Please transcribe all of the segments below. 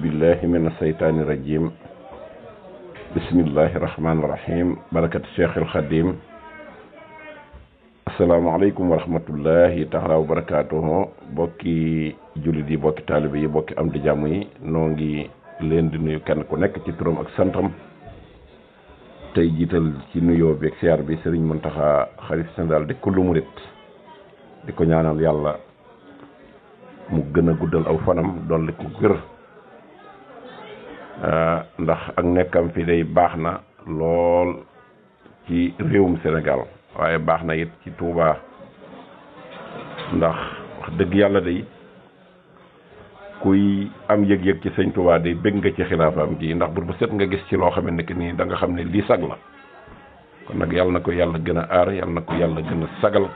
billahi min asaytaani rajim bismillahi rahmaani rahim barakat cheikhul xadim asalaamaaleykum wa rahmatullahi taala wa barakaatuhu bokki jullit yi bokki taalibe yi bokki am di jàmm yi noo ngi leen di nuyu kenn ku nekk ci turam ak santam tey jiital ci nuyoo beeg siyaar bi sëriñ Muntaxa xalif général di kullu murit di ko ñaanal yàlla mu gën a guddal aw fanam dolli ko gër Euh, ndax ak nekkam fi day baax na lool ci réewum Sénégal waaye baax na yit ci tuuba ndax wax dëgg yàlla de kuy am yëg-yëg ci sëñ Touba day bëgg nga ci xilaafaam gi ndax bu set nga gis ci loo xam ne nii da nga xam ne lii sag la kon nag yàlla na ko yàlla gën a aar yàlla na ko yàlla gën a sagal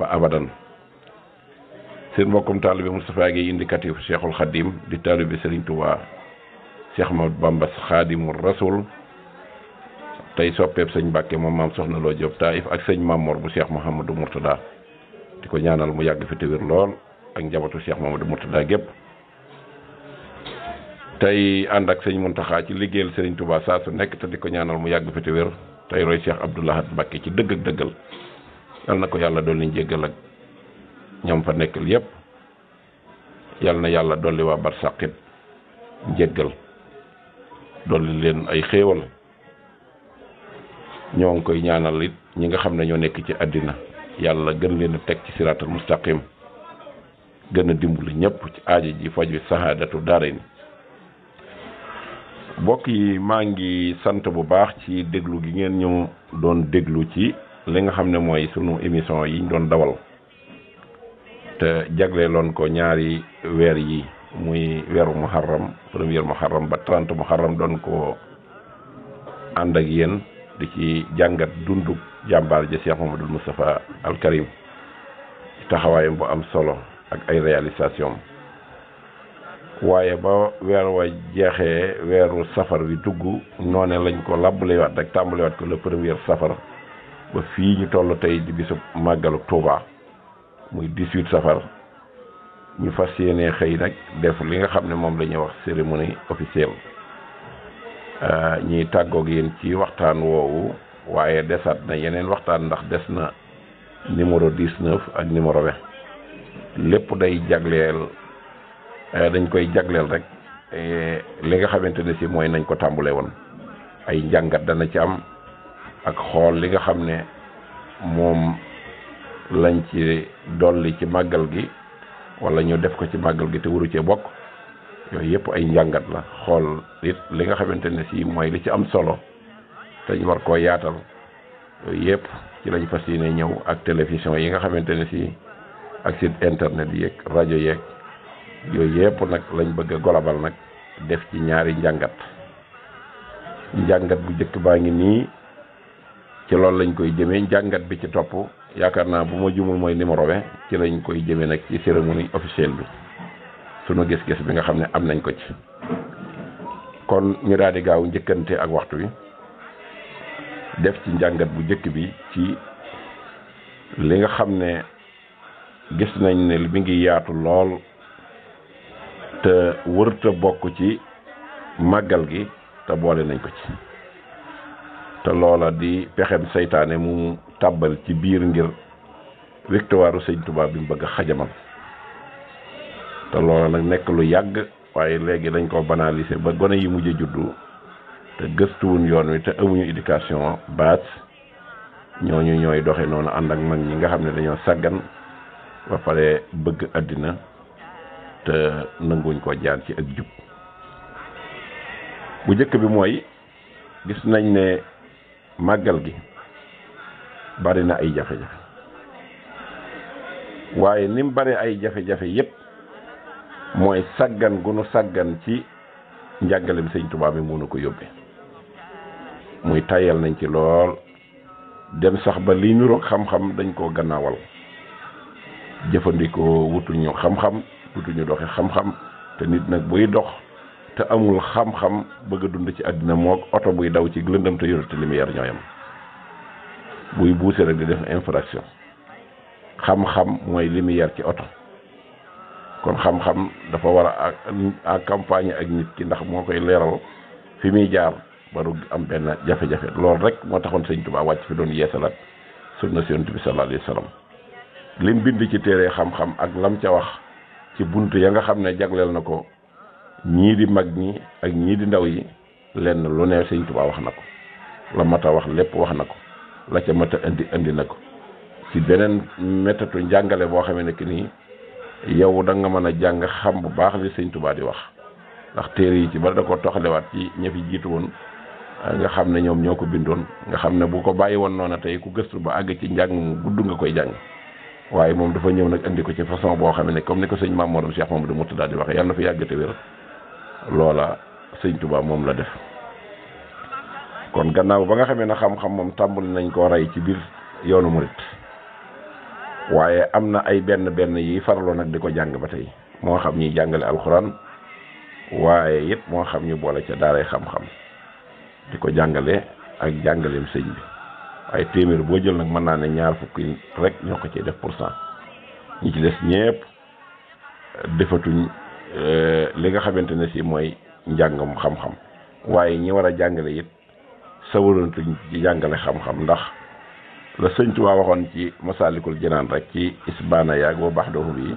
ba abadan seen mbokkum taalibe Moustapha Gueye indicatif Cheikhul Khadim di taalibe Serigne Touba seex ma Bamba Xaadimu Rasul tey soppeeb sëñ Mbàkke moom maam soxna Loo Jóob Taïf ak sëñ Mamor bu seex Cheikh Mouhamadou Mourtada di ko ñaanal mu yàgg fi te wér lool ak njabootu Cheikh Mouhamadou Mourtada gépp tey ànd ak sëñ Muntaxa ci liggéeyal sëriñ Touba saa su nekk te di ko ñaanal mu yàgg fi te wér tey roy Cheikh Abdoul Ahad Mbàkke ci dëgg ak dëggal yal na ko yàlla dolli njéggal ak ñoom fa nekkal yépp yal na yàlla dolli waa barsàqit njéggal li leen ay xéewal ñoo ngi koy ñaanal it ñi nga xam ne ñoo nekk ci àddina yàlla gën leen a teg ci siraatal mustaqim gën a dimbali ñëpp ci aaja ji faj bi sahaadatu daara ni mbokk yi maa ngi sant bu baax ci déglu gi ngeen ñu doon déglu ci li nga xam ne mooy sunu émission yi ñu doon dawal te jagleeloon ko ñaari weer yi muy weeru muharram premier muharram ba trente muharram doon ko ànd ak yéen di ci jàngat dundub jàmbaar ja Cheikh Mamadou Moustapha Al Karim ci taxawaayam bu am solo ak ay réalisation waaye ba weer wa jeexee weeru safar wi dugg noone lañ ko làbbulewaat rek tàmbalewaat ko le premier safar ba fii ñu toll tey di bisub màggalu Touba muy 18 safar ñu fas yéene xëy nag def li nga xam ne moom la ñuy wax cérémonie officielle euh, ñuy tàggoog yéen ci waxtaan woowu waaye desaat na yeneen waxtaan ndax des na numéro 19 ak numéro 20 lépp day jagleel euh, dañ koy jagleel rek euh, li nga xamante ne si mooy nañ ko tàmbule woon ay njàngat dana ci am ak xool li nga xam ne moom lañ ci dolli ci màggal gi wala ñu def ko ci màggal gi te waru cee bokk yooyu yëpp ay njàngat la xool it li nga xamante ne si mooy li ci am solo te ñu war koo yaatal yooyu yëpp ci lañ fas ne ñëw ak télévision yi nga xamante ne si ak site internet yeeg rajo yeeg yooyu yëpp nag lañ bëgg golobal nag def ci ñaari njàngat njàngat bu njëkk baa ngi nii ci loolu lañ koy jëmee njàngat bi ci topp yaakaar naa bu ma jumul mooy numéro vingt ci lañ koy jëmee nag ci cérémonie officielle bi sunu gis-gis bi nga xam ne am nañ ko ci kon ñu daal di gaaw njëkkante ak waxtu wi def ci njàngat bu njëkk bi ci li nga xam ne gis nañ ne mi ngi yaatu lool te wërta bokk ci màggal gi te boole nañ ko ci te loola di pexem seytaane mu tàbbal ci biir ngir victoire sëñ Touba bi mu bëgg a xajamal te loola nag nekk lu yàgg waaye léegi dañ ko banaliser ba gone yi mujj juddu te gëstuwun yoon wi te amuñu éducation base ñooñu ñooy doxe noonu ànd ak mag ñi nga xam ne dañoo sàggan ba pare bëgg àddina te nanguñ ko jaan ci ak jub bu njëkk bi mooy gis nañ ne màggal gi bari na ay jafe-jafe waaye ni mu bari ay jafe-jafe yépp mooy sàggan gunu sàggan ci njàngale njàngalem sëñ Tuubaa mi na ko yóbbe muy tayal nañ ci lool dem sax ba li ñu roog xam-xam dañ koo gannaawal jëfandikoo wutuñu xam-xam wutuñu doxe xam-xam te nit nag buy dox te amul xam-xam bëgg a dund ci àddina moog oto buy daw ci lëndam te yorete lumière ñooyam buy buuse rek di def infraction xam-xam mooy li mu yar ci oto kon xam-xam dafa war a accompagner ak nit ki ndax moo koy leeral fi muy jaar baru am benn jafe-jafe loolu rek moo taxoon sëñ Tuubaa wàcc fi doon yeesalaat sunna si yonent bi sallallahu alayhi wa sallam lim bind ci téere xam-xam ak lam ca wax ci bunt ya nga xam ne jagleel na ko ñii di mag ñi ak ñii di ndaw yi lenn lu ne sëñ Tuubaa wax na ko la mat a wax lépp wax na ko la ca mat indi indi na ko si beneen métatu njàngale boo xamee ne que nii yow da nga mën a jàng xam bu baax li sëñ Tuubaa di wax ndax téere yi ci bari da ko toxalewaat ci ña fi jiitu woon nga xam ne ñoom ñoo ko bindoon nga xam ne bu ko bàyyi woon noonu tey ku gëstu ba àgg ci njàng mu gudd nga koy jàng waaye moom dafa ñëw nag indi ko ci façon boo xam ne comme ni ko sëñ Maam Mor Cheikh Mamadou Murtada di waxee yàlla na fi yàggate wér loola sëñ moom la def. kon gannaaw ba nga xamee ne xam-xam moom tàmbali nañ koo rey ci biir yoonu murit waaye am na ay benn benn yi faraloo nag di ko jàng ba tey moo xam ñuy jàngale alxuraan waaye it moo xam ñu boole ca daaray xam-xam di ko jàngale ak jàngaleem sëñ bi waaye téeméer boo jël nag mën naa ne ñaar fukki rek ñoo ko ciy def pour cent ñi ci des ñépp defatuñ euh, li nga xamante ne si mooy njàngam xam-xam waaye ñi war a jàngale yit sawarantu ci jàngale xam-xam ndax la sëñ Tuubaa waxoon ci masaalikul jinaan rek ci isbaana yaag wa baax doxum yi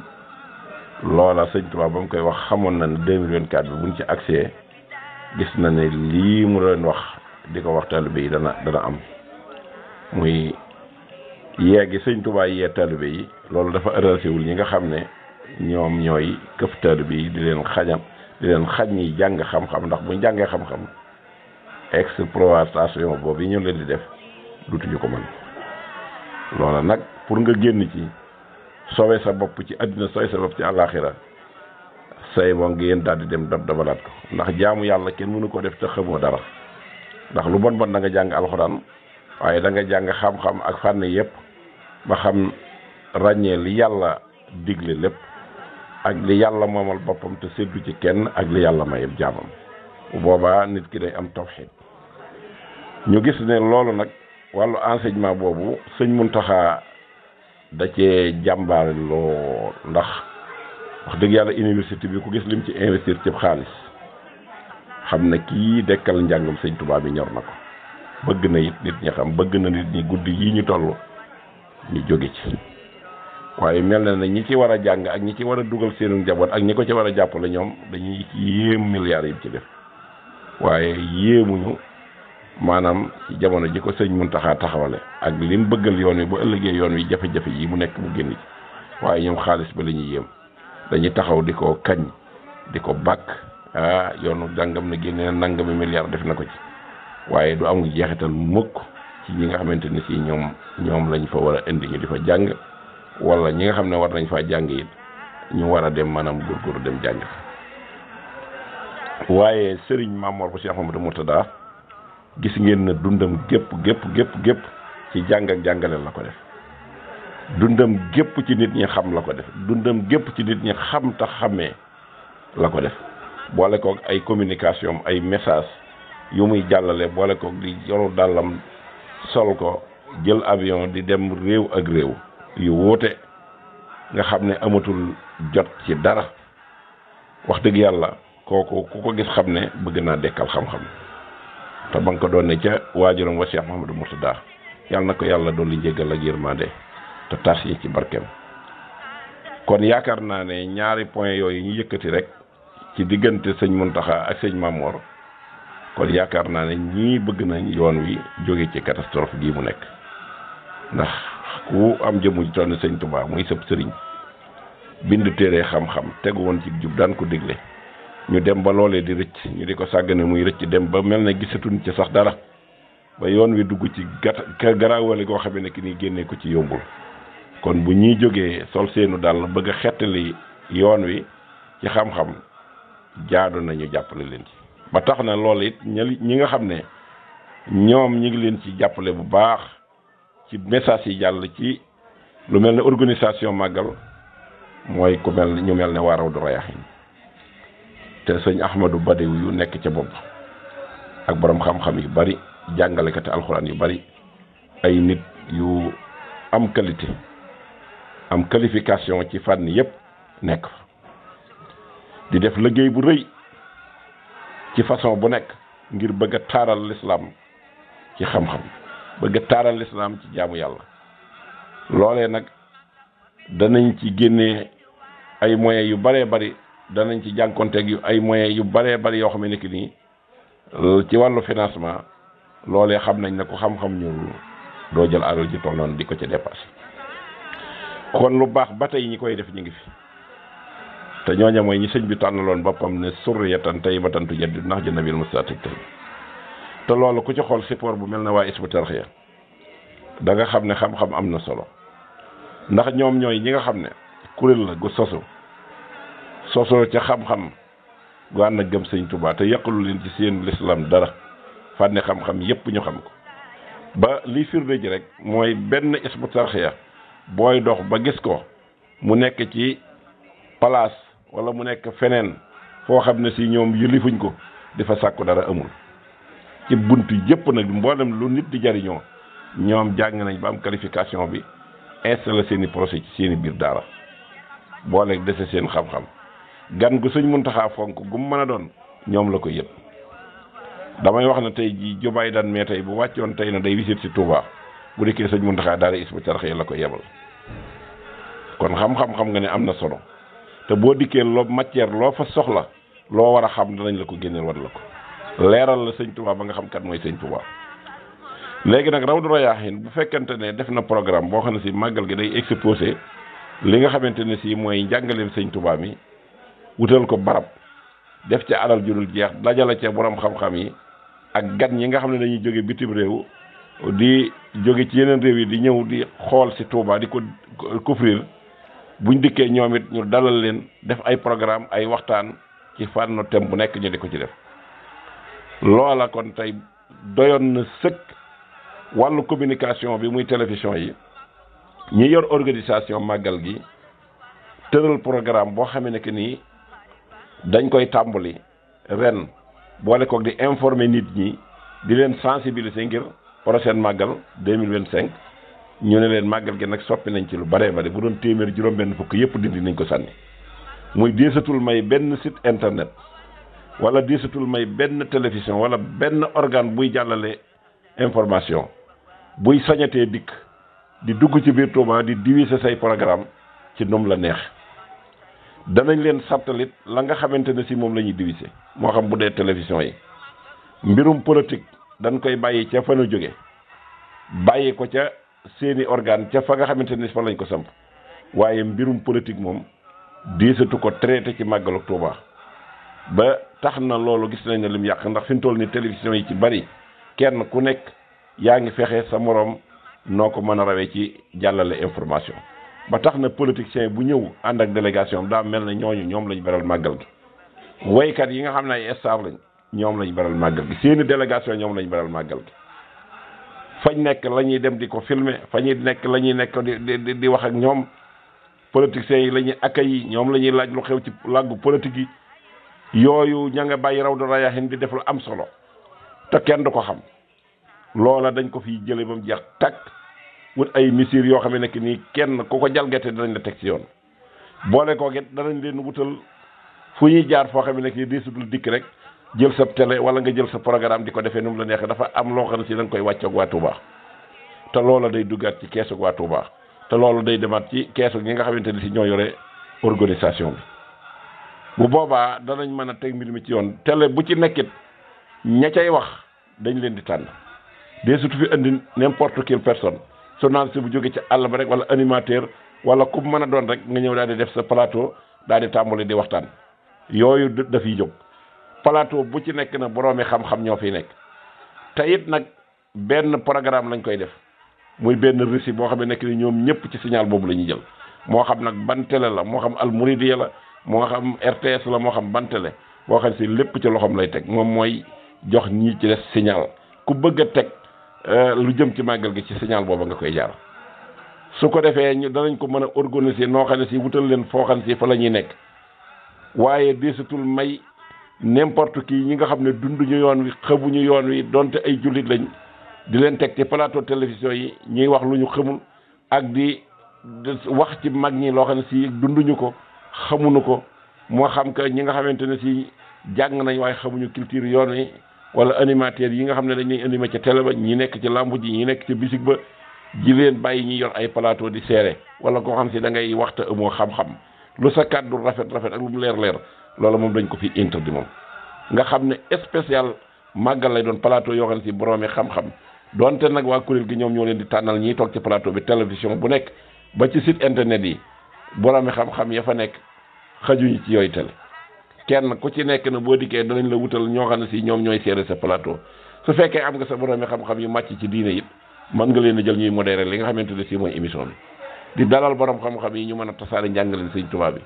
loola sëñ Tuubaa ba mu koy wax xamoon na ne 2024 bi buñ ci accès gis na ne lii mu leen wax di ko wax taalibe yi dana dana am muy yegg sëñ Tuubaa yee taalibe yi loolu dafa ëralsewul ñi nga xam ne ñoom ñooy këf taalibe yi di leen xañam di leen xañ yi jàng xam-xam ndax buñ jàngee xam-xam exploitation boobu yi ñu leen di def dutuñu ko mën loola nag pour nga génn ci sowe sa bopp ci àddina sowe sa bopp ci àllaaxira say boo ngi yéen daal di dem dab dabalaat ko ndax jaamu yàlla kenn mënu ko def te xamoo dara ndax lu bon bon da nga jàng alxuraan waaye da nga jàng xam-xam ak fànn yépp ba xam ràññee li yàlla digle lépp ak li yàlla moomal boppam te seddu ci kenn ak li yàlla may yëpp jaamam boobaa nit ki day am tawxiid ñu gis ne loolu nag wàllu enseignement boobu sëñ Muntaxa da cee jàmbaare loo ndax wax dëgg yàlla université bi ku gis lim ci investir ci xaalis xam ne kii dekkal njàngum sëñ tubaab bi ñor na ko bëgg na it nit ñi xam bëgg na nit ñi guddi yi ñu toll ñu jóge ci waaye mel na ne ñi ci war a jàng ak ñi ci war a dugal seenu njaboot ak ñi ko ci war a jàppale ñoom dañuy yéem milliards yi ci def waaye yéemuñu maanaam jamono ji ko sëñ mun taxaa taxawale ak lim bëggal yoon wi bu ëllëgee yoon wi jafe-jafe yi mu nekk mu génn ci waaye ñoom xaalis ba la ñuy yéem dañuy taxaw di ko kañ di ko bàkk ah yoonu dàngam na génne na nangami milliard def na ko ci waaye du am jeexital mukk ci ñi nga xamante ni si ñoom ñoom lañ fa war a indi ñu di fa jàng wala ñi nga xam ne war nañ faa jàng yi ñu war a dem maanaam góorgóorlu dem jàng fa waaye sëriñ Maam Mor bu Cheikh Mamadou Mourtada gis ngeen ne dundam gépp gépp gépp gépp ci jàng ak jàngaleel la ko def dundam gépp ci nit ñi xam la ko def dundam gépp ci nit ñi xam tax xamee la ko def boole koog ay communication ay message yu muy jàllale boole koog di yoru dàllam sol ko jël avion di dem réew ak réew yu wuute nga xam ne amatul jot ci dara wax dëgg yàlla kooku ku ko gis xam ne bëgg naa dekkal xam-xam te ba nga ko doon ne ca waajuram wa Cheikh Mouhamadou Mourtada yàlla na ko yàlla dolli jéggal ak yërmande te tas yi ci barkeem kon yaakaar naa ne ñaari point yooyu ñu yëkkati rek ci diggante sëñ Muntaxa ak sëñ Mamor kon yaakaar naa ne ñii bëgg nañ yoon wi jóge ci catastrophe gii mu nekk ndax ku am jëmu ji toll sëñ Tuubaa muy sëb sëriñ bind téere xam-xam tegu woon ci jub daan ko dégle ñu dem ba loolee di rëcc ñu di ko sàggane muy rëcc dem ba mel na gisatuñ ci sax dara ba yoon wi dugg ci gàtt garaawale goo xam ne ki ni génnee ko ci yombul kon bu ñuy jógee sol seenu dàll bëgg a xettali yoon wi ci xam-xam jaadu nañu jàppale leen ci ba tax na lool it ñi nga xam ne ñoom ñi ngi leen ci jàppale bu baax ci message yi jàll ci lu mel ne organisation màggal mooy ku mel ne ñu mel ne waa Rawdu Rayaahiin te sëñ Ahmadou Badawi yu nekk ca bopp ak borom xam-xam yu bari jàngalekati alxuraan yu bari ay nit yu am qualité am qualification ci fànn yépp nekk fa di def liggéey bu rëy ci façon bu nekk ngir bëgg a taaral lislaam ci xam-xam bëgg a taaral lislaam ci jaamu yàlla loolee nag danañ ci génnee ay moye yu baree bari danañ ci jànkonteeg yu ay moyens yu baree bari yoo xam ne nii euh, ci wàllu financement loolee xam nañ ne ku xam-xam ñu doo jël alal ji toll noonu di ko ci dépassé kon lu baax ba tey ñi koy def ñu ngi fi te ñooña mooy ñi sëñ bi tànnaloon boppam ne surriyatan tayyibatan tujaddidu nahja nabil mustatab te loolu ku ci xool support bu mel ne waa Hizbut Tarqiyyah da nga xam ne xam-xam am na solo ndax ñoom ñooy ñi nga xam ne kuréel la gu sosu sosoo ca xam-xam gu ànd ak gëm sëñ Touba te yàqalu leen ci seen lislaam dara fànni xam-xam yépp ñu xam ko ba li firnde ji rek mooy benn isbu tarxiya booy dox ba gis ko mu nekk ci palaas wala mu nekk feneen foo xam ne si ñoom yëlifuñ ko di fa sàkku dara amul ci bunt yépp nag mboolem lu nit di jariñoo ñoom jàng nañ ba am qualification bi installé seen i projet ci seen biir daara booleeg dese seen xam-xam gan gu sëñ Muntaxa fonk gu mu mën a doon ñoom la ko yëpp damay wax ne tey jii jumaay daan mais bu wàccoon tey na day wisit si Touba bu dikkee sëñ Muntaxa daara Hizbut Tarqiyyah la ko yebal kon xam-xam nga ne am na solo te boo dikkee loo matière loo fa soxla loo war a xam danañ la ko génneel wan la ko leeral la sëñ Touba ba nga xam kat mooy sëñ Touba léegi nag Rawdu Rayaahiin bu fekkente ne def na programme boo xam ne si màggal gi day exposé li nga xamante ne si mooy njàngaleem sëñ Touba mi wutal ko barab def ca alal ju dul jeex dajale ca boroom xam-xam yi ak gat ñi nga xam ne dañuy jóge bitim réew di jóge ci yeneen réew yi di ñëw di xool si Touba di ko couvrir buñ dikkee ñoom it ñu dalal leen def ay programme ay waxtaan ci fànn thème nekk ñu di ko ci def loola kon tey doyoon na sëkk wàllu communication bi muy télévision yi ñu yor organisation màggal gi tëral programme boo xamee ne nii dañ koy tàmbali ren boole koog di informer nit ñi di leen sensibiliser ngir prochaine màggal 2025 ñu ne leen màggal gi nag soppi nañ ci lu baree bari bu doon téeméer juróom-benn fukk yépp dindi nañ ko sànni muy deesatul may benn site internet wala deesatul may benn télévision wala benn organe buy jàllale information buy sañatee dikk di dugg ci biir Touba di diviser say programme ci noom la neex danañ leen sàttalit la nga xamante ne si moom la ñuy divisé moo xam bu dee télévision yi mbirum politique dañ koy bàyyi ca fa nu jóge bàyyi ko ca seeni organ ca fa nga xamante ne fa lañ ko samp waaye mbirum politique moom diisatu ko traité ci màggalu Tuuba ba tax na loolu gis nañ ne lim yàq ndax fi mu ni télévision yi ci bari kenn ku nekk yaa ngi fexe sa moroom noo ko mën a rawee ci jàllale information ba tax na yi bu ñëw ànd ak délégation daa mel na ñooñu ñoom lañu beral màggal gi waykat yi nga xam ne ay star lañ ñoom lañ beral màggal gi seeni délégation ñoom lañ beral màggal gi fañ nekk la ñuy dem di ko filmer fa ñuy nekk la ñuy nekk di di wax ak ñoom politiciens yi la ñuy accueillir ñoom la ñuy laaj lu xew ci làggu politique yi yooyu ña nga bàyyi raw dara yaaxin di def lu am solo te kenn du ko xam loola dañ ko fi jële ba mu jeex wut ay misir yoo xam ne nekk nii kenn ku ko jalgate danañ la teg ci yoon boole koo it danañ leen wutal fu ñuy jaar foo xam ne nekk di deesutul dikk rek jël sa télé wala nga jël sa programme di ko defe nu mu la neexee dafa am loo xam ne si da koy wàcc ak waa Touba te loola day duggaat ci keesu waa baax te loolu day demaat ci keesu ñi nga xamante ne si ñoo yore organisation bi bu boobaa danañ mën a teg mbir mi ci yoon télé bu ci nekkit ña cay wax dañ leen di tànn deesut fi indi n'importe quelle personne. journaliste bu jóge ci àll ba rek wala animateur wala ku mën a doon rek nga ñëw daal di def sa plateau daal di tàmbali di waxtaan yooyu yi jóg palaato bu ci nekk na boroomi xam-xam ñoo fiy nekk te it nag benn programme lañ koy def muy benn récit boo xam ne nekk ni ñoom ñëpp ci siñaal boobu la ñuy jël moo xam nag ban la moo xam almouridiya la moo xam RTS la moo xam ban télé boo xam si lépp ci loxoom lay teg moom mooy jox ñii ci def signal ku bëgg a teg Euh, lu jëm ci màggal gi ci signal booba nga koy jaar su ko defee ñu danañ ko mën a organiser noo xam ne si wutal leen foo xam si fa la nekk waaye deesatul may n'importe kii ñi nga xam ne dunduñu yoon wi xamuñu yoon wi donte ay jullit lañ di leen teg ci plateau télévision yi ñuy wax lu ñu xamul ak di wax ci mag ñi loo xam ne si dunduñu ko xamuñu ko moo xam que ñi nga xamante ne si jàng nañ waaye xamuñu culture yoon wi wala animateurs yi nga xam ne dañ lay animé ca télé ba ñi nekk ci làmb ji ñi nekk ci bisig ba ji leen bàyyi ñi yor ay plateau di seere wala koo xam si da ngay waxta amoo xam-xam lu sa kàddu rafet rafet ak lu mu leer leer loolu moom dañ ko fi interdit moom nga xam ne spécial màggal lay doon plateau yoo xam si boroomi xam-xam doonte nag waa kuréel gi ñoom ñoo leen di tànnal ñiy toog ci plateau bi télévision bu nekk ba ci site internet yi boroomi xam-xam ya fa nekk xajuñu yooyu télé kenn ku ci nekk na boo dikkee danañ la wutal ñoo xam ne si ñoom ñooy seere sa plateau su fekkee am nga sa borom xam-xam yu màcc ci diine it mën nga leen a jël ñuy modéré li nga xamante ne si mooy émission bi di dalal boroom xam-xam yi ñu mën a tasaare njàngale sëñ Tuubaa bi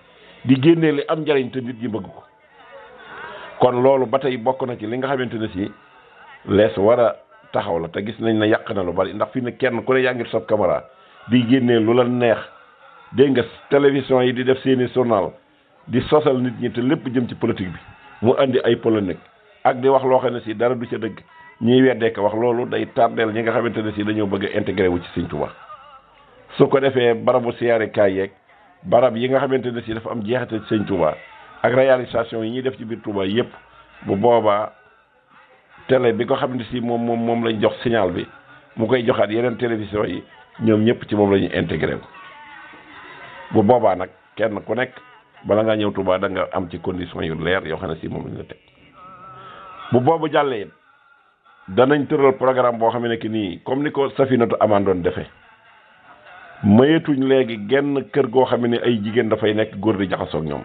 di génnee li am njariñ te nit ñi bëgg ko kon loolu ba tey bokk na ci li nga xamante ne si lees war a taxaw la te gis nañ ne yàq na lu bari ndax fi ne kenn ku ne yaa ngi sob caméra di génnee lu la neex dégg nga télévision yi di def seeni journal di sosal nit ñi te lépp jëm ci politique bi mu andi ay polémique ak di wax loo xam si dara du ca dëgg ñuy weddee ko wax loolu day tardeel ñi nga xamante ne si dañoo bëgg a wu ci Sëñ Tuubaa su ko defee barabu siyaare kaay yeeg barab yi nga xamante ne si dafa am jeexate ci Sëñ Tuubaa ak réalisation yi ñuy def ci biir Tuubaa yépp bu boobaa tele bi ko xam ne si moom moom moom lañ jox signal bi mu koy joxaat yeneen télévision yi ñoom ñëpp ci moom la ñu intégré wu bu boobaa nag kenn ku nekk. bala ngaa ñëw Touba da nga am ci condition yu leer yoo xam ne si moom lañ la teg bu boobu jàllee danañ tëral programme boo xam ne que nii comme ni ko Safinatu Amaan doon defee mayetuñ léegi genn kër goo xam ne ay jigéen dafay nekk góor di jaxasoo ñoom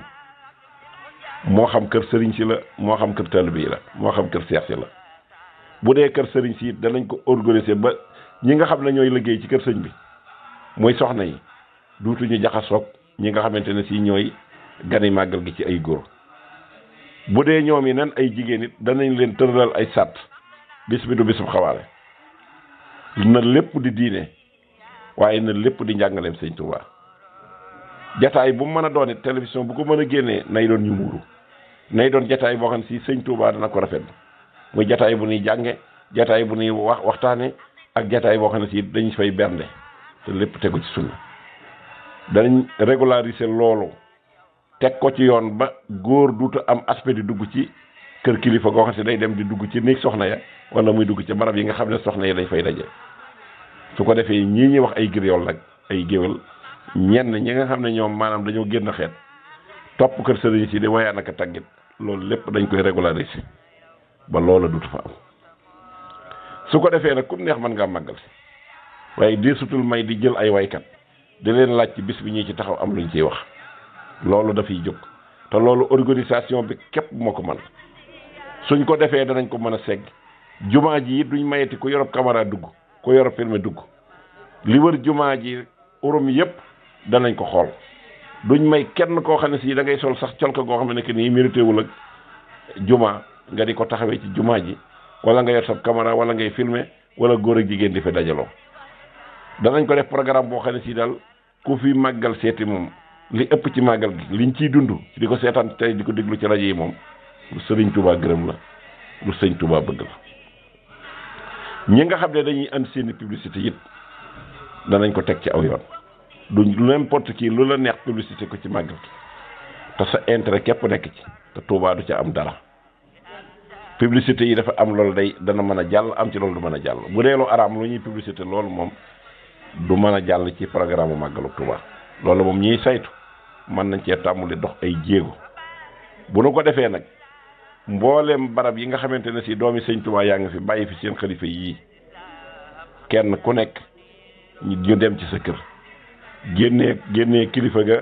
moo xam kër sëriñ si la moo xam kër taalibe yi la moo xam kër seex si la bu dee kër sëriñ si it danañ ko organiser ba ñi nga xam ne ñooy liggéey ci kër sëñ bi mooy soxna yi duutuñu jaxasoog ñi nga xamante ne si ñooy. gani màggal gi ci ay góor bu dee ñoom yi nan ay jigéen it danañ leen tëralal ay sàtt bis bi du bisub xawaare na lépp di diine waaye na lépp di njàngaleem sëñ Tuubaa jataay bu mën a doon it télévision bu ko mën a génnee nay doon ñu muuru nay doon jataay boo xam si sëñ Tuubaa dana ko rafet muy jataay bu nuy jànge jataay bu nuy wax waxtaane ak jataay boo xam ne si dañu fay bernde te lépp tegu ci sunna danañ régulariser loolu teg ko ci yoon ba góor duuta am aspect di dugg ci kër kilifa goo xam si day dem di dugg ci néeg soxna ya wala muy dugg ci barab yi nga xam ne soxna yi dañ fay daje su ko defee ñii ñuy wax ay giryool nag ay géwél ñenn ñi nga xam ne ñoom maanaam dañoo génn xeet topp kër sëriñ si di wayaan naka tàggit loolu lépp dañ koy régulariser ba loola duutu fa am ko defee nag kum neex mën ngaa màggal si waaye dee sutul may di jël ay waykat di leen laaj ci bis bi ñuy ci taxaw am luñ ciy wax loolu dafay jóg te loolu organisation bi képp ma ko mën suñ ko defee danañ ko mën a segg jumaa ji it duñ mayeti ku yorob caméra dugg ku yorob filme dugg li wër jumaa ji urum yëpp danañ ko xool duñ may kenn koo xam ne si da ngay sol sax col ko goo xam ne nii mérité wul ak jumaa nga di ko taxawee ci jumaa ji wala nga yor sab caméra wala ngay filmer wala góor ak jigéen di fi dajaloo danañ ko def programme boo xam ne si daal ku fi màggal seeti moom li ëpp ci màggal gi liñ ciy dund di ko seetaan tey di ko déglu ci rajo yi moom lu sëriñ Touba gërëm la lu sëñ Touba bëgg la ñi nga xam ne dañuy am seeni publicité it danañ ko teg ci aw yoon du n'importe ci lu la neex publicité ko ci màggal gi te sa intérêt képp nekk ci te Touba du ca am dara publicité yi dafa am loolu day dana mën a jàll am ci loolu du mën a jàll bu dee lu araam lu ñuy publicité loolu moom du mën a jàll ci programme màggalu Touba loolu moom ñiy saytu mën nañ cee tàmbali dox ay jéego bu nu ko defee nag mboolem barab yi nga xamante ne si doomi sëñ Tuubaa yaa ngi fi bàyyi fi seen xalifa yii kenn ku nekk ñu dem ci sa kër génnee génnee kilifa ga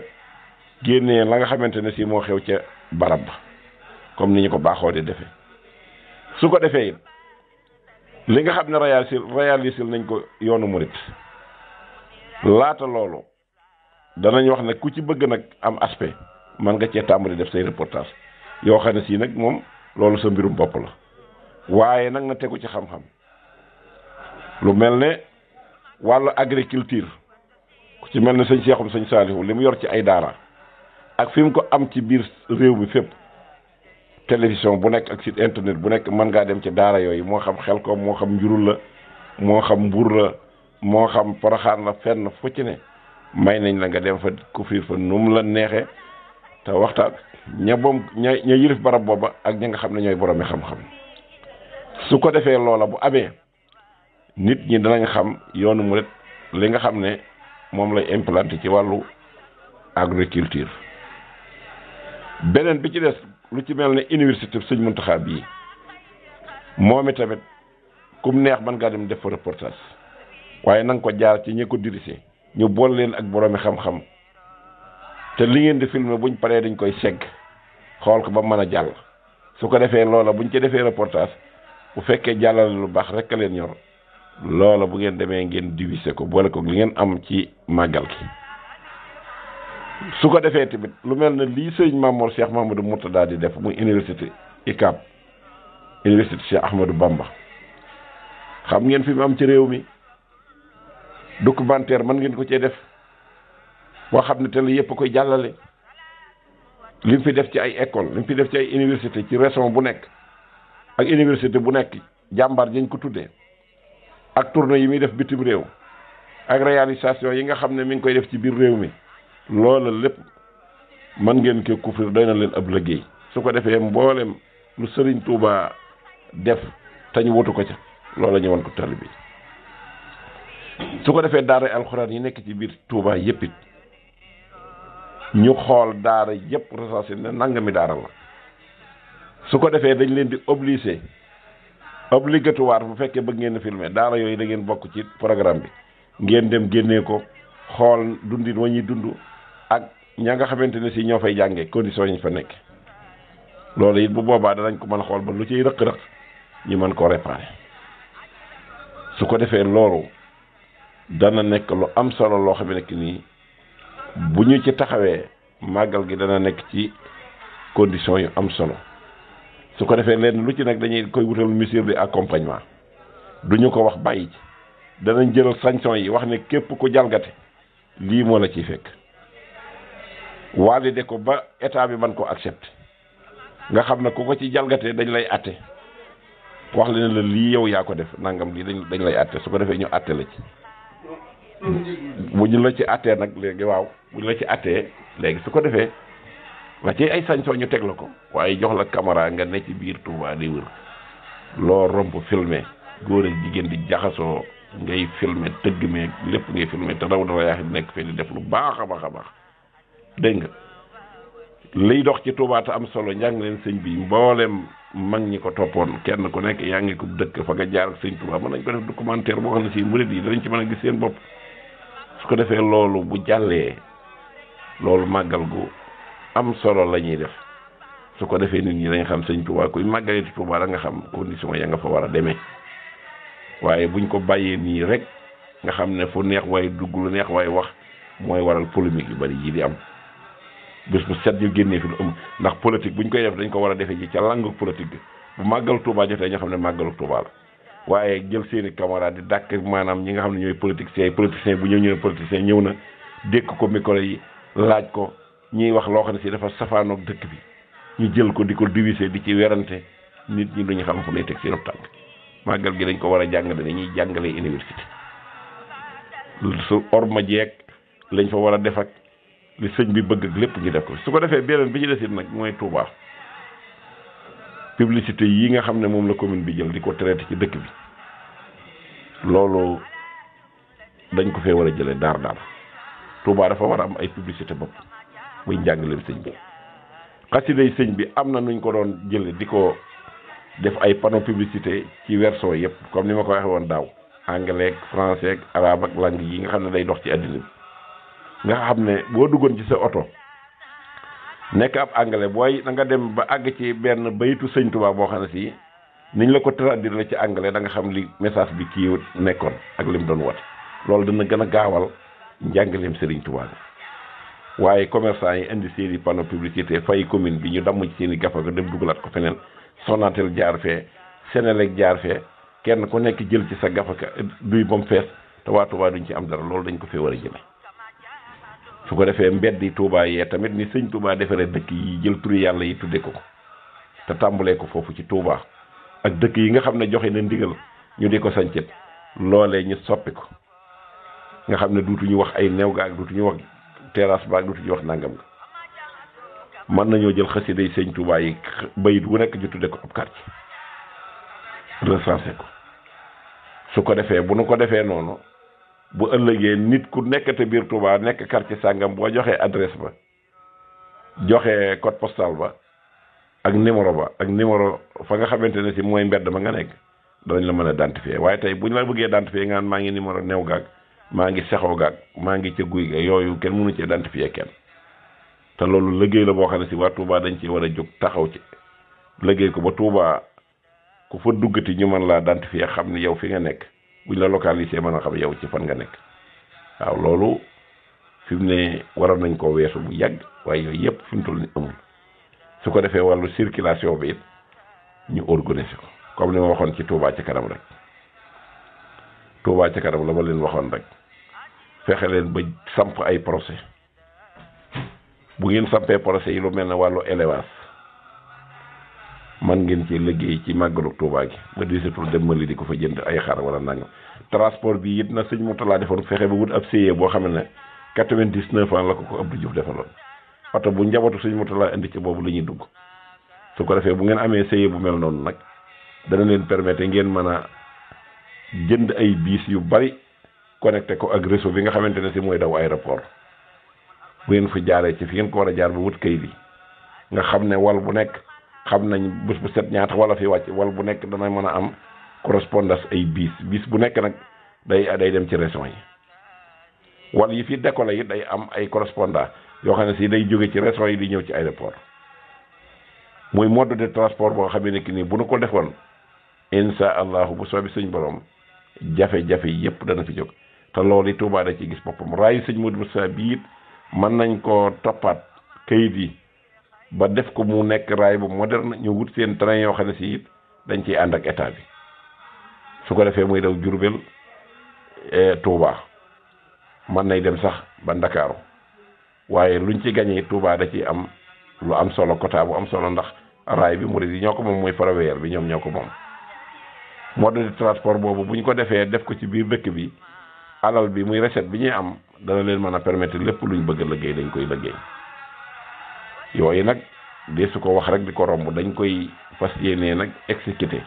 génnee la nga xamante ne si moo xew ca barab ba comme ni ñu ko baaxoo di defee su ko defee it li nga xam ne yi réaliser nañ ko yoonu murit laata loolu danañ wax ne ku ci bëgg nag am aspect mën nga cee tàmbali def say reportage yoo xam sii nag moom loolu sa mbirum bopp la waaye nag na tegu ci xam-xam lu mel ne wàll agriculture ku ci mel ne sëñ Seexum sëñ Saalihu li mu yor ci ay daara ak fi mu ko am ci biir réew mi fépp television bu nekk ak site internet bu nekk mën ngaa dem ci daara yooyu moo xam xel ko moo xam njurul la moo xam mbur la moo xam poroxaan la fenn fu ci ne may nañ la nga dem fa couvrir fa nu mu la neexee te waxtaan ña boom ña ña yilif barab booba ak ña nga xam ne ñooy boromi xam-xam su ko defee loola bu amee nit ñi danañ xam yoonu mu ret li nga xam ne moom lay implanté ci wàllu agriculture beneen bi ci des lu ci mel ne université Sëñ Muntaxa yi moom itamit kum neex mën ngaa dem def fa reportage waaye na ko jaar ci ñi ko dirigé ñu bool leen ak boroomi xam-xam te li ngeen di filmer buñ paree dañ koy segg xool ko ba mën a jàll su ko defee loola buñ ci defee reportage bu fekkee jàllale lu baax rek a leen ñor loola bu ngeen demee ngeen diviser ko boole ko li ngeen am ci màggal gi su ko defee tamit lu mel ne lii sëriñ Mamour Cheikh Mahamadou Murtada di def muy université ICAP université Cheikh Ahmadou Bamba xam ngeen fi mu am ci réew mi documentaire man ngeen ko cee def boo xam ne télé yëpp koy jàllale li mu fi def ci ay école li mu fi def ci ay université ci région bu nekk ak université bu nekk jàmbaar dañ ko tuddee ak tournée yi muy def bitim réew ak réalisation yi nga xam ne mi ngi koy def ci biir réew mi loola lépp man ngeen ko couvrir doy na leen ab liggéey su ko defee mboolem lu Sëriñ Tuubaa def te ñu wutu ko ca loola ñëwoon ko tali bi su ko defee daara alxuraan yi nekk ci biir Touba yëpp ñu xool daara yëpp recensé ne nangami daara la su ko defee dañ leen di obligé obligatoire bu fekkee bëgg ngeen a filmer yooyu da ngeen bokk ci programme bi ngeen dem génnee ko xool dundin wa ñuy dund ak ña nga xamante ne si ñoo fay jàngee condition yi ñu fa nekk loolu it bu boobaa danañ ko mën a xool ba lu ciy rëq-rëq ñu mën koo réparé su ko defee loolu. dana nekk lu am solo loo xam ne nii bu ñu ci taxawee màggal gi dana nekk ci condition yu am solo su ko defee leen lu ci nekk dañuy koy wutal mesure de accompagnement du ñu ko wax bàyyi ci danañ jël sanction yi wax ne képp ku jalgate lii moo la ciy fekk validé ko ba état bi man ko accepté nga xam na ku ko ci jalgatee dañu lay atte wax la ne la lii yow yaa ko def nangam lii dañ dañ lay atte su ko defee ñu atte la ci bu ñu la ci attee nag léegi waaw bu la ci attee léegi su ko defee la ci ay sañ ñu teg la ko waaye jox la kamaraa nga ne ci biir Touba di wër loo romb filmer góor ak jigéen di jaxasoo ngay filmer tëgg meeg lépp ngay filmer te daw dara yaa nekk fee di def lu baax a baax a baax dégg nga liy dox ci Touba te am solo njàng leen sëñ bi mboolem mag ñi ko toppoon kenn ku nekk yaa ngi ko dëkk fa nga jaar ak sëñ Touba mën nañ ko def documentaire boo xam ne si murid mën a gis seen bopp. su ko defee loolu bu jàllee loolu màggal gu am solo la ñuy def su ko defee nit ñi dañ xam sëñ Touba kuy màggalee ci Touba da nga xam condition ya nga fa war a demee waaye buñ ko bàyyee nii rek nga xam ne fu neex waaye dugg lu neex waaye wax mooy waral polémique yi bari yi di am bés bu set ñu génnee fi lu am ndax politique buñ koy def dañ ko war a defee ji ca langue politique bi bu màggal Touba jotee ñoo xam ne màggalu Touba waaye jël seeni camarade di dàkk maanaam ñi nga xam ne ñooy politiciens politiciens bu ñëw ñu ne politicien ñëw na dékk ko micro yi laaj ko ñuy wax loo xam ne si dafa safaanoog dëkk bi ñu jël ko di ko diviser di ci werante nit ñi duñu xam fu lay teg seen tànk màggal gi dañ ko war a jàngale ñuy jàngale université su orma jeeg lañ fa war a def ak li sëñ bi bëgg ak lépp ñu def ko su ko defee beneen bi ñu desit nag mooy Touba. publicité yii nga xam ne moom la commune bi jël di ko traité ci dëkk bi loolu dañ ko fee war a jëlee daar daar Touba dafa war a am ay publicité bopp muy njàngaleem sëñ bi xasiday sëñ bi am na nuñ ko doon jële di ko def ay panneau publicité ci version yëpp comme ni ma ko waxee woon daaw anglais ak français ak arabe yi nga xam ne day dox ci àddina bi nga xam ne boo duggoon ci sa oto nekk ab anglais booy da nga dem ba àgg ci benn bayitu sëñ Tuubaa boo xam ne si niñ la ko traduire la ci anglais da nga xam li message bi kii nekkoon ak lim doon woote loolu dana gën a gaawal njàngaleem sëriñ Tuubaa waaye commerçant yi indi seen i panneau publicité fay commune bi ñu damm ci seen i gafa ga dem dugalaat ko feneen Sonatel jaar fee Senelec jaar fee kenn ku nekk jël ci sa gafaka duy ba mu fees te waa Tuubaa duñ ci am dara loolu dañ ko fee war a su ko defee mbeddi Touba yee tamit ni sëñ Touba defaree dëkk yi jël turi yàlla yi tudde ko ko te tàmbalee ko foofu ci tuubaa ak dëkk yi nga xam ne joxe na ndigal ñu di ko sancet loolee ñu soppi ko nga xam ne duutuñu wax ay new ga ak duutuñu wax terrasse ba ak duutuñu wax nangam nga mën nañoo jël xasida yi sëñ Touba yi bayit wu nekk ñu tudde ko ab quartier recensé ko su ko defee bu nu ko defee noonu bu ëllëgee nit ku nekkate biir Touba nekk quartier sàngam boo joxee adresse ba joxe code postal ba ak numéro ba ak numéro fa nga xamante ne si mooy mbedd ma nga nekk danañ la mën a identifier waaye tey bu ñu la bëggee identifier nga naan maa ngi numéro néew gaag maa ngi sexoo gaag maa ngi ci guy ga yooyu kenn mënu ci identifier kenn te loolu liggéey la boo xam ne si waa Touba dañ ci war a jóg taxaw ci liggéey ko ba Touba ku fa duggati ñu mën laa identifier xam yow fi nga nekk. bu buñ la localisé mën a xam yow ci fan nga nekk waaw loolu fi mu ne waroon nañ ko weesu bu yàgg waaye yooyu yëpp fi mu toll ni amul su ko defee wàllu circulation bi it ñu organiser ko comme li ma waxoon ci Touba ci kanam rek Touba ci kanam la ma leen waxoon rek fexe leen ba samp ay procès bu ngeen sampee procès yi lu mel ne wàllu élevage man ngeen ci liggéey ci màggalu Touba gi ba disatul dem mali di ko fa jënd ay xar a nangam transport bi it na sëñ Moutala defoon fexe ba wut ab CIE boo xam ne quatre-vingt-dix-neuf ans la ko ko Abdou Diouf defaloon oto bu njabootu sëñ Moutala indi ci boobu la ñuy dugg su ko defee bu ngeen amee CIE bu mel noonu nag dana leen permettre ngeen mën a jënd ay biis yu bari connecté ko ak réseau bi nga xamante ne si mooy daw aéroport bu ngeen fa jaaree ci fi ngeen ko war a jaar ba wut kayit yi nga xam ne wal bu nekk. xam nañ bés bu set ñaata wala fi wàcc wala bu nekk dana mën a am correspondance ay biis biis bu nekk nag day day dem ci régions yi wala yi fi décollé yi day am ay correspondant yoo xam ne si day jóge ci régions yi di ñëw ci aéroport muy mode de transport boo xamee nekk nii bu nu ko defoon insha allahu bu soobee sëñ borom jafe-jafe yépp dana fi jóg te loolu yi Touba da ci gis boppam raayu sëñ Modou Moussa bii it mën nañ koo toppaat kayit yi. ba def ko mu nekk raay bu moderne ñu wut seen train yoo xam ne si it dañ ciy ànd ak état bi su ko defee muy daw Jurbel eh, Touba man nay dem sax ba Ndakaaru waaye luñ ci gañee tuubaa da ciy am lu am solo quota bu am solo ndax raay bi mu murid yi ñoo ko moom muy Ferroviaire bi ñoom ñoo ko moom mode de transport boobu bu ñu ko defee def ko ci biir dëkk bi alal bi muy recette bi ñuy am dana leen mën a permettre lépp luñ bëgg a liggéey dañ koy liggéey yooyu nag de su ko wax rek di ko romb dañ koy fas yéenee nag exécuté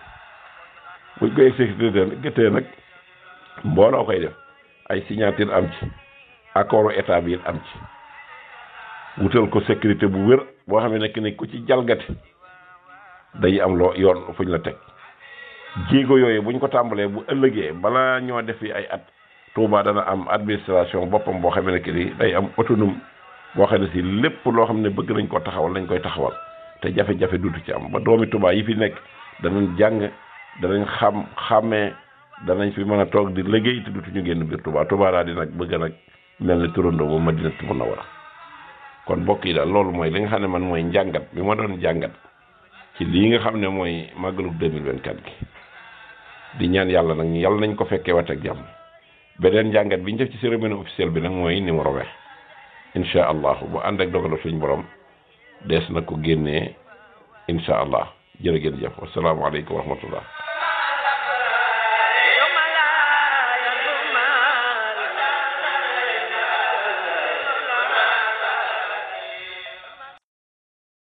buñ koy exécuté nag mbooloo koy def ay signature am ci accordu état bi am ci wutal ko sécurité bu wér boo xam ne nekk ni ku ci jalgati dañuy am loo yoon fuñ la teg jéego yooyu bu ñu ko tàmbalee bu ëllëgee balaa ñoo def ay at Touba dana am administration boppam boo xam ne nekk ni day am autonome boo xam ne si lépp loo xam ne bëgg nañ ko taxawal dañ koy taxawal te jafe-jafe duutu ci am ba doomi Tuubaa yi fi nekk danañ jàng danañ xam xàmmee danañ fi mën a toog di liggéey te duutu ñu génn biir Tuubaa Tuubaa daal di nag bëgg nag mel ni turandoo bu Madinatu Munawwara kon mbokk yi daal loolu mooy li nga xam ne man mooy njàngat bi ma doon jàngat ci lii nga xam ne mooy màggalu 2024 gi di ñaan yàlla nag yàlla nañ ko fekkee wat ak jàmm beneen njàngat bi ñu def ci cérémonie officielle bi nag mooy numéro vingt incha allahu bu ànd ak dogalu suñu borom des na ko génne incha allah jërë ngeen jëf wasalaamualeykum wa rahmatullah